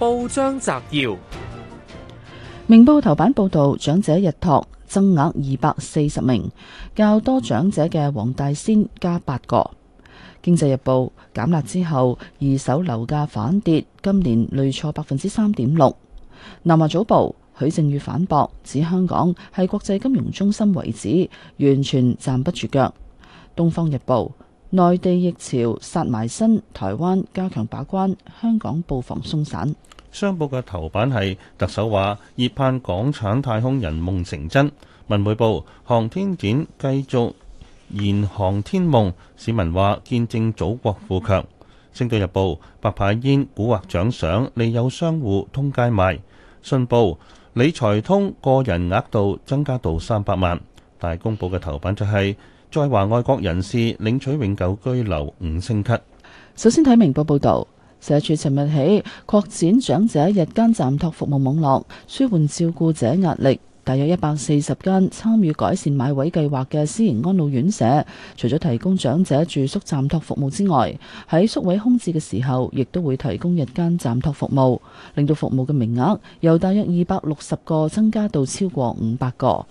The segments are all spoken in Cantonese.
報章摘要：明報頭版報道，長者日托增額二百四十名，較多長者嘅黃大仙加八個。經濟日報減辣之後，二手樓價反跌，今年累挫百分之三點六。南華早報許正宇反駁，指香港係國際金融中心為止，完全站不住腳。東方日報。內地疫潮殺埋身，台灣加強把關，香港布防鬆散。商報嘅頭版係特首話熱盼港產太空人夢成真。文匯報航天展繼續燃航天夢。市民話見證祖國富強。星島日報白牌煙古惑獎賞，利誘商戶通街賣。信報理財通個人額度增加到三百萬。大公報嘅頭版就係、是。在華外國人士領取永久居留五星級。首先睇明報報導，社署尋日起擴展長者日間暫托服務網絡，舒緩照顧者壓力。大約一百四十間參與改善買位計劃嘅私營安老院舍，除咗提供長者住宿暫托服務之外，喺宿位空置嘅時候，亦都會提供日間暫托服務，令到服務嘅名額由大約二百六十個增加到超過五百個。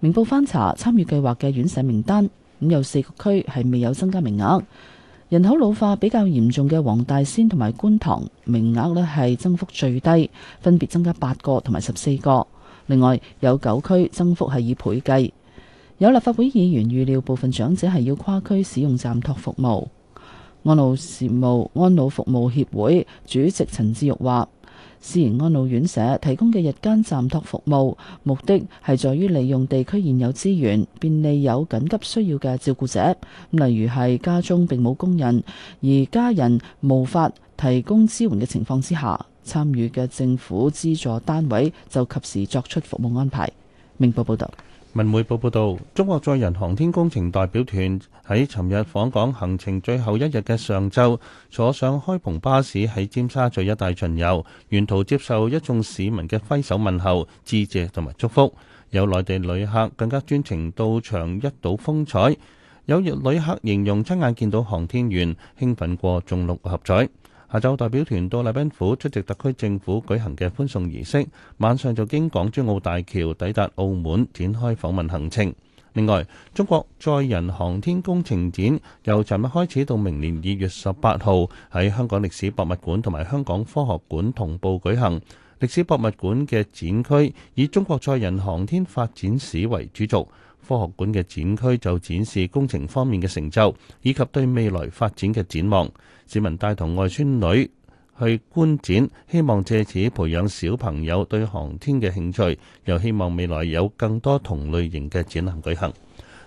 明報翻查參與計劃嘅院舍名單。咁有四個區係未有增加名額，人口老化比較嚴重嘅黃大仙同埋觀塘，名額呢係增幅最低，分別增加八個同埋十四個。另外有九區增幅係以倍計，有立法會議員預料部分長者係要跨區使用暫託服務。安老事務安老服務協會主席陳志玉話。私營安老院舍提供嘅日間暫托服務目的係在於利用地區現有資源，便利有緊急需要嘅照顧者。例如係家中並冇工人，而家人無法提供支援嘅情況之下，參與嘅政府資助單位就及時作出服務安排。明報報道。文匯報報道，中國載人航天工程代表團喺尋日訪港行程最後一日嘅上晝，坐上開篷巴士喺尖沙咀一帶巡遊，沿途接受一眾市民嘅揮手問候、致謝同埋祝福。有內地旅客更加專程到場一睹風采，有日旅客形容親眼見到航天員，興奮過中六合彩。下晝代表團到禮賓府出席特區政府舉行嘅歡送儀式，晚上就經港珠澳大橋抵達澳門，展開訪問行程。另外，中國載人航天工程展由尋日開始到明年二月十八號喺香港歷史博物館同埋香港科學館同步舉行。歷史博物館嘅展區以中國載人航天發展史為主軸。科學館嘅展區就展示工程方面嘅成就，以及對未來發展嘅展望。市民帶同外孫女去觀展，希望借此培養小朋友對航天嘅興趣，又希望未來有更多同類型嘅展覽舉行。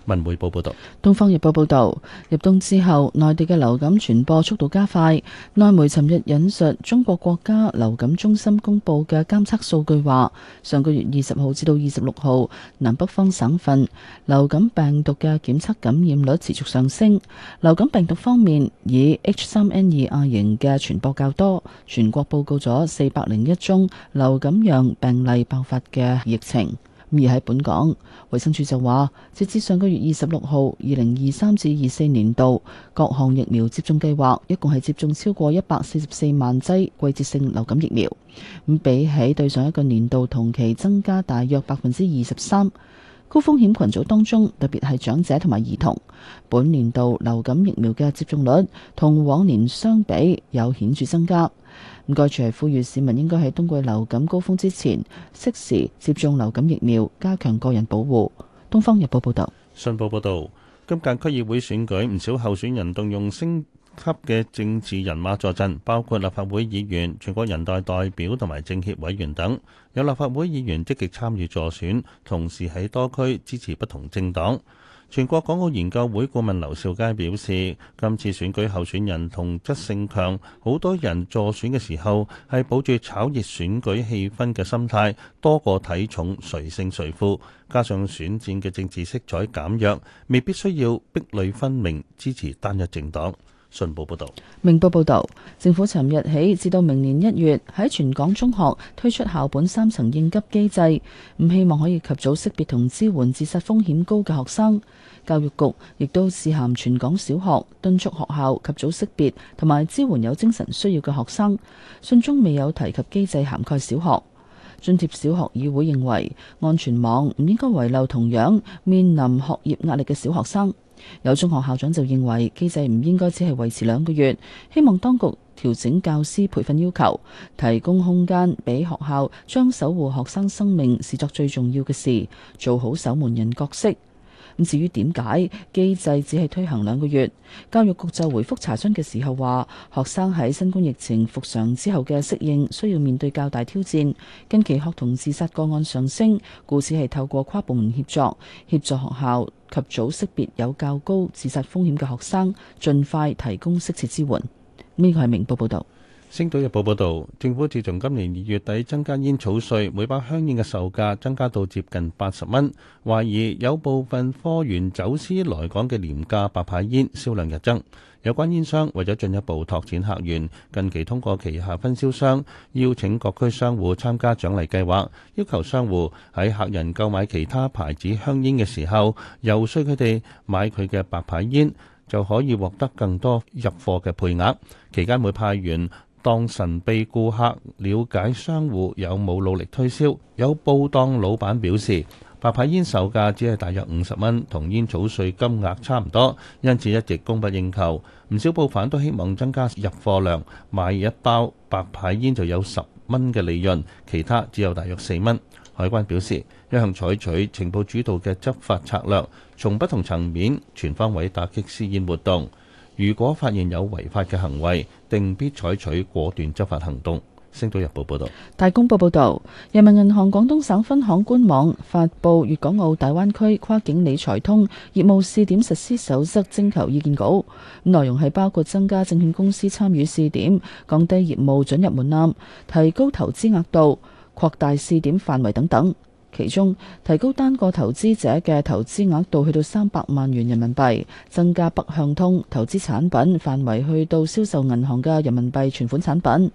文匯報報道，東方日報報道，入冬之後，內地嘅流感傳播速度加快。內媒尋日引述中國國家流感中心公布嘅監測數據，話上個月二十號至到二十六號，南北方省份流感病毒嘅檢測感染率持續上升。流感病毒方面，以 H 三 N 二亞型嘅傳播較多，全國報告咗四百零一宗流感樣病例爆發嘅疫情。而喺本港，衛生署就話，截至上個月二十六號，二零二三至二四年度各項疫苗接種計劃，一共係接種超過一百四十四萬劑季節性流感疫苗。咁比起對上一個年度同期，增加大約百分之二十三。高風險群組當中，特別係長者同埋兒童，本年度流感疫苗嘅接種率同往年相比有顯著增加。唔該，除呼籲市民應該喺冬季流感高峰之前適時接種流感疫苗，加強個人保護。東方日報報道，信報報道，今屆區議會選舉唔少候選人動用星級嘅政治人馬助陣，包括立法會議員、全國人大代、代表同埋政協委員等。有立法會議員積極參與助選，同時喺多區支持不同政黨。全國港澳研究會顧問劉兆佳表示，今次選舉候選人同質性強，好多人助選嘅時候係保住炒熱選舉氣氛嘅心態，多過睇重誰勝誰負。加上選戰嘅政治色彩減弱，未必需要壁壘分明支持單一政黨。信報報導，明報報道，政府尋日起至到明年一月，喺全港中學推出校本三層應急機制，唔希望可以及早識別同支援自殺風險高嘅學生。教育局亦都致函全港小學，敦促學校及早識別同埋支援有精神需要嘅學生。信中未有提及機制涵蓋小學。津貼小學議會認為，安全網唔應該遺漏同樣面臨學業壓力嘅小學生。有中學校長就認為機制唔應該只係維持兩個月，希望當局調整教師培訓要求，提供空間俾學校將守護學生生命視作最重要嘅事，做好守門人角色。咁至於點解機制只係推行兩個月，教育局就回覆查詢嘅時候話，學生喺新冠疫情復常之後嘅適應需要面對較大挑戰，近期學童自殺個案上升，故此係透過跨部門協作，協助學校及早識別有較高自殺風險嘅學生，盡快提供適切支援。呢個係明報報導。星島日報報導，政府自從今年二月底增加煙草稅，每包香煙嘅售價增加到接近八十蚊，懷疑有部分貨源走私來港嘅廉價白牌煙銷量日增。有關煙商為咗進一步拓展客源，近期通過旗下分銷商邀請各區商戶參加獎勵計劃，要求商戶喺客人購買其他牌子香煙嘅時候，遊說佢哋買佢嘅白牌煙，就可以獲得更多入貨嘅配額。期間會派員當神秘顧客了解商戶有冇努力推銷，有報檔老闆表示，白牌煙售價只係大約五十蚊，同煙草稅金額差唔多，因此一直供不應求。唔少報販都希望增加入貨量，買一包白牌煙就有十蚊嘅利潤，其他只有大約四蚊。海關表示，一向採取情報主導嘅執法策略，從不同層面全方位打擊私煙活動。如果發現有違法嘅行為，定必採取果斷執法行動。星島日報報道。大公報報道，人民銀行廣東省分行官網發布《粵港澳大灣區跨境理財通業務試點實施手則徵求意見稿》，內容係包括增加證券公司參與試點、降低業務准入門檻、提高投資額度、擴大試點範圍等等。其中提高單個投資者嘅投資額度去到三百萬元人民幣，增加北向通投資產品範圍去到銷售銀行嘅人民幣存款產品。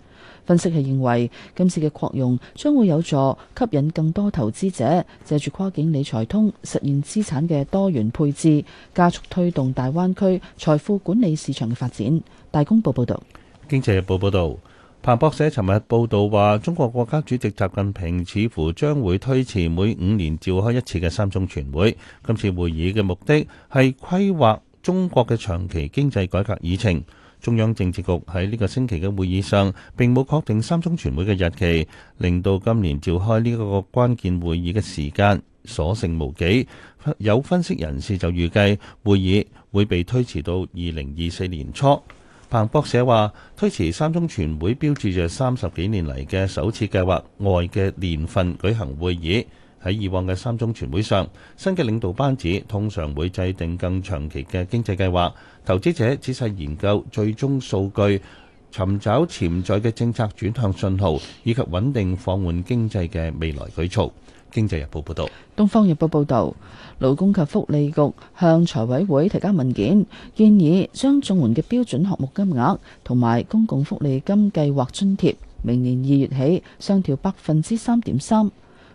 分析係認為今次嘅擴容將會有助吸引更多投資者借住跨境理財通實現資產嘅多元配置，加速推動大灣區財富管理市場嘅發展。大公報報道。經濟日報報道。彭博社尋日報道話，中國國家主席習近平似乎將會推遲每五年召開一次嘅三中全會。今次會議嘅目的係規劃中國嘅長期經濟改革議程。中央政治局喺呢個星期嘅會議上並冇確定三中全會嘅日期，令到今年召開呢個關鍵會議嘅時間所剩無幾。有分析人士就預計會，會議會被推遲到二零二四年初。彭博社話，推遲三中全會標誌着三十幾年嚟嘅首次計劃外嘅年份舉行會議。喺以往嘅三中全會上，新嘅領導班子通常會制定更長期嘅經濟計劃。投資者仔細研究最終數據，尋找潛在嘅政策轉向信號，以及穩定放緩經濟嘅未來舉措。經濟日報報道，東方日報報道，勞工及福利局向財委會提交文件，建議將綜援嘅標準項目金額同埋公共福利金計劃津貼明年二月起上調百分之三點三。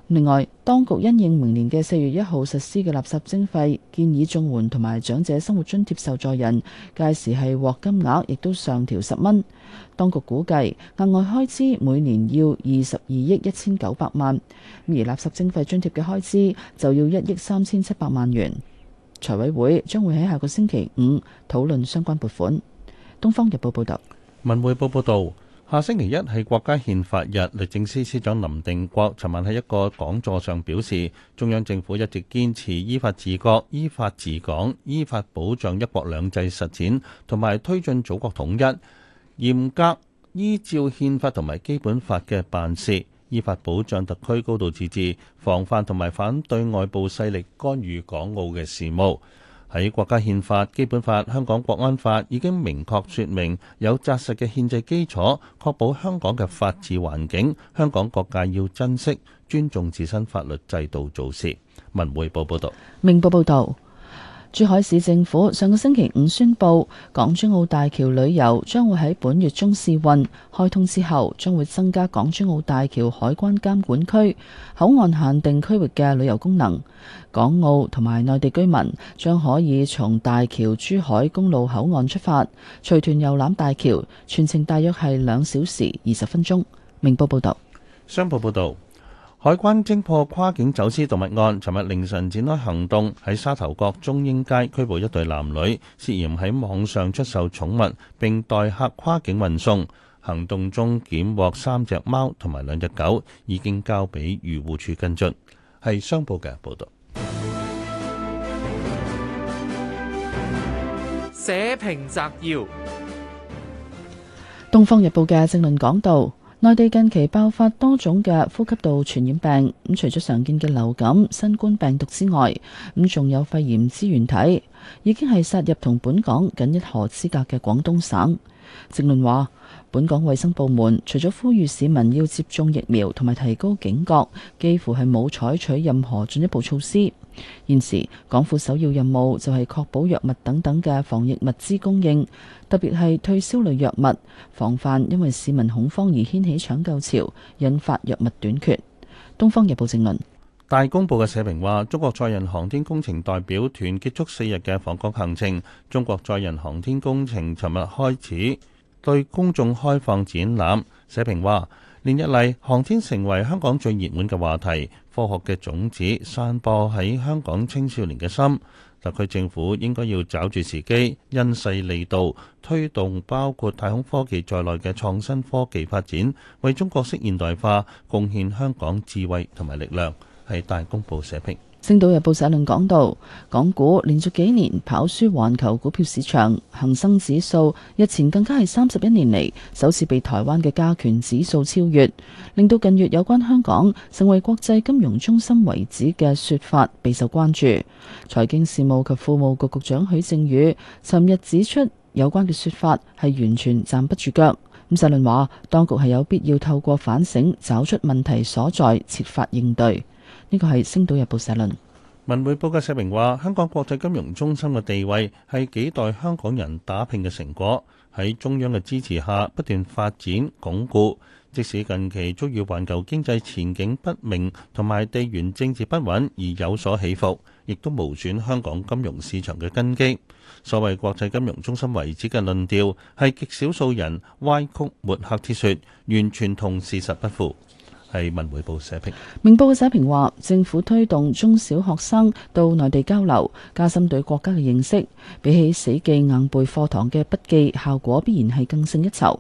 另外，當局因應明年嘅四月一號實施嘅垃圾徵費，建議綜援同埋長者生活津貼受助人屆時係獲金額亦都上調十蚊。當局估計額外開支每年要二十二億一千九百萬，而垃圾徵費津貼嘅開支就要一億三千七百萬元。財委會將會喺下個星期五討論相關撥款。《東方日報》報道，《文匯報》報道。下星期一係國家憲法日，律政司司長林定國尋晚喺一個講座上表示，中央政府一直堅持依法治國、依法治港、依法保障一國兩制實踐，同埋推進祖國統一，嚴格依照憲法同埋基本法嘅辦事，依法保障特區高度自治，防範同埋反對外部勢力干預港澳嘅事務。喺國家憲法、基本法、香港國安法已經明確説明，有扎實嘅憲制基礎，確保香港嘅法治環境。香港各界要珍惜、尊重自身法律制度，做事。文匯報報道。明報報導。珠海市政府上個星期五宣布，港珠澳大橋旅遊將會喺本月中試運，開通之後將會增加港珠澳大橋海關監管區口岸限定區域嘅旅遊功能。港澳同埋內地居民將可以從大橋珠海公路口岸出發，隨團遊覽大橋，全程大約係兩小時二十分鐘。明報報道。商報報道。海關偵破跨境走私動物案，尋日凌晨展開行動，喺沙頭角中英街拘捕一對男女，涉嫌喺網上出售寵物，並代客跨境運送。行動中檢獲三隻貓同埋兩隻狗，已經交俾漁護處跟進。係商報嘅報道。社評摘要：《東方日報》嘅政論講到。內地近期爆發多種嘅呼吸道傳染病，咁除咗常見嘅流感、新冠病毒之外，咁仲有肺炎支原體，已經係殺入同本港僅一河之隔嘅廣東省。正論話。本港衛生部門除咗呼籲市民要接種疫苗同埋提高警覺，幾乎係冇採取任何進一步措施。現時港府首要任務就係確保藥物等等嘅防疫物資供應，特別係退燒類藥物，防範因為市民恐慌而掀起搶購潮，引發藥物短缺。東方日報正論。大公報嘅社評話：中國載人航天工程代表團結束四日嘅訪港行程。中國載人航天工程尋日開始，對公眾開放展覽，社評話：連日嚟，航天成為香港最熱門嘅話題，科學嘅種子散播喺香港青少年嘅心。特區政府應該要抓住時機，因勢利導，推動包括太空科技在內嘅創新科技發展，為中國式現代化貢獻香港智慧同埋力量，係大公報社評。《星島日報》社論講到，港股連續幾年跑輸全球股票市場，恒生指數日前更加係三十一年嚟首次被台灣嘅加權指數超越，令到近月有關香港成為國際金融中心為止嘅説法備受關注。財經事務及副務局，局局長許正宇尋日指出，有關嘅説法係完全站不住腳。咁社論話，當局係有必要透過反省找出問題所在，設法應對。呢個係《星島日報》社論，文匯報嘅社評話：香港國際金融中心嘅地位係幾代香港人打拼嘅成果，喺中央嘅支持下不斷發展鞏固。即使近期遭遇環球經濟前景不明同埋地緣政治不穩而有所起伏，亦都無損香港金融市場嘅根基。所謂國際金融中心遺址嘅論調係極少數人歪曲、抹黑之說，完全同事實不符。係文匯報社評。明報嘅社評話，政府推動中小學生到內地交流，加深對國家嘅認識，比起死記硬背課堂嘅筆記，效果必然係更勝一籌。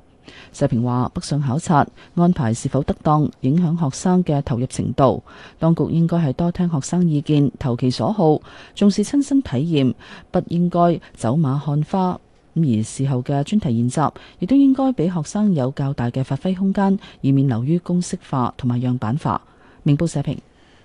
社評話，北上考察安排是否得當，影響學生嘅投入程度。當局應該係多聽學生意見，投其所好，重視親身體驗，不應該走馬看花。而事後嘅專題練習，亦都應該俾學生有較大嘅發揮空間，以免流於公式化同埋樣板化。明報社評。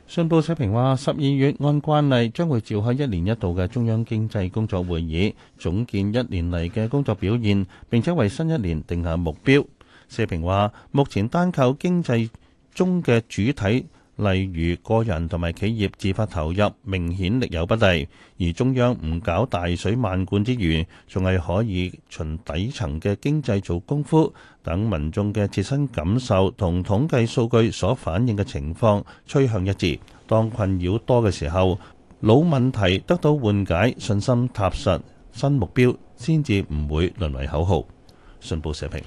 信報社評話，十二月按慣例將會召開一年一度嘅中央經濟工作會議，總結一年嚟嘅工作表現，並且為新一年定下目標。社評話，目前單靠經濟中嘅主體，例如個人同埋企業自發投入明顯力有不逮，而中央唔搞大水漫灌之餘，仲係可以循底層嘅經濟做功夫，等民眾嘅切身感受同統計數據所反映嘅情況趨向一致。當困擾多嘅時候，老問題得到緩解，信心踏實，新目標先至唔會淪為口號。信報社評。